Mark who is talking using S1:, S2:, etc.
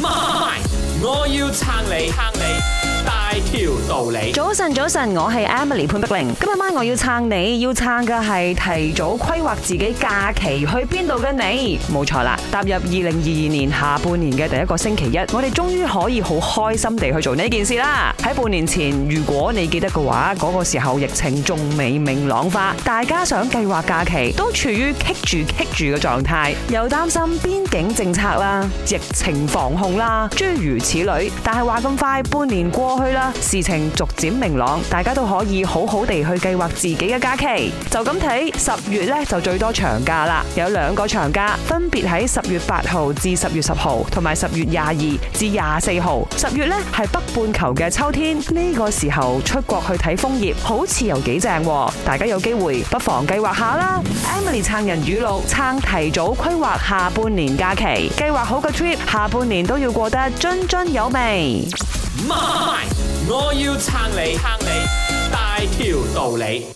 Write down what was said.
S1: 賣！My. 我要撐你，撐你大條。道理，早
S2: 晨，早晨，我係 Emily 潘碧玲，今日晚我要撐你，要撐嘅係提早規劃自己假期去邊度嘅你，冇錯啦，踏入二零二二年下半年嘅第一個星期一，我哋終於可以好開心地去做呢件事啦。喺半年前，如果你記得嘅話，嗰個時候疫情仲未明朗化，大家想計劃假期都處於棘住棘住嘅狀態，又擔心邊境政策啦、疫情防控啦，諸如此類。但係話咁快，半年過去啦，事情，逐漸明朗，大家都可以好好地去計劃自己嘅假期。就咁睇，十月咧就最多長假啦，有兩個長假，分別喺十月八號至十月十號，同埋十月廿二至廿四號。十月咧係北半球嘅秋天，呢個時候出國去睇楓葉好似又幾正，大家有機會不妨計劃下啦。Emily 撐人語錄：撐提早規劃下半年假期，計劃好個 trip，下半年都要過得津津有味。
S1: 媽咪，My. 我要撐你，撐你，大條道理。